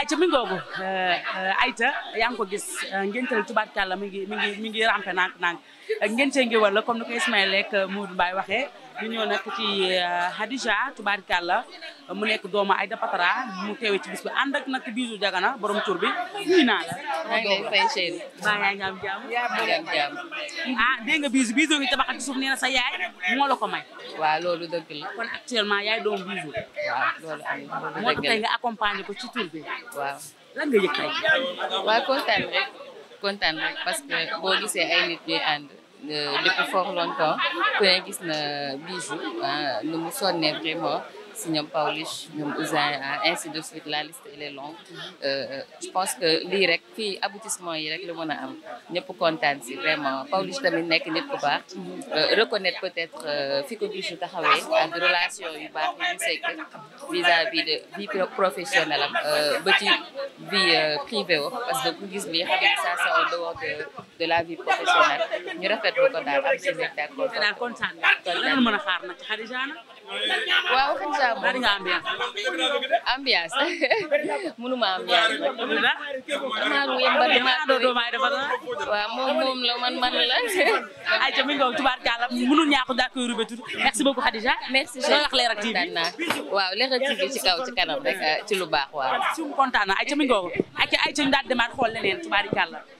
ayca mi ngoogu eh, eh, ayta yaa ngi ko gis eh, ngénteel tubaarkàlla mi ngi mi ngi mi ngi rampe nànk nànk ngéntee ngi war la comme ni ko Ismaël ak Mourou Mbaye waxee ñu ñëw nag ci euh, Hadija la mu nekk doomu ay Patara mu teewe ci gis bi ànd ak nag Bijou Jagana borom tur bi nuyu naa la. maa ngi lay fay Seydou. maa ngi am jàmm. ah dégg nga Bijou Bijou ngi tabax ci suuf nee na sa yaay moo la ko may. waaw loolu dëgg la. kon actuellement yaay doomu Bijou. waaw loolu am loolu dëgg la moo tax tey nga accompagner ko ci turbi bi. waaw nga yëg tey. waaw kontaan rek kontaan rek parce que boo gisee ay nit ñuy ànd. Euh, depuis fort longtemps ku ne gis na Bijou nu mu sonnee vraiment si ñoom Paulish la liste elle est longue mm-hmm. euh, euh, je pense que lii rek fii aboutissement yi rek la mën a am ñëpp kontaan si vraiment Paulish tamit nekk ni ku baax mm-hmm. euh, reconnaître peut-être fi ko Bijou taxawee ak relation yu baax yi ñu sekk vis-à-vis de vie professionnelle am ba ci vie privée parce que ku gis lii xam ne ça c'est en de de la vie professionnelle ñu rafetlu ko daal am si mbégte ak kontaan kontaan lan mën a xaar waaw Khadija bari nga ambiance ambiance mënuma ambiance damaa ruwee mbaa damaa doon waaw moom moom la man man la ay ca mi ngi tubaar kàlla mënul ñaaku daal koy rubé tudd merci beaucoup Khadija merci wax Leral TV waaw Leral TV ci kaw ci kanam rek ah, ci lu baax waaw su kontaan na ay ca mi ngi ay ca ay ca ñu daal demaat xool leneen tubaar kàlla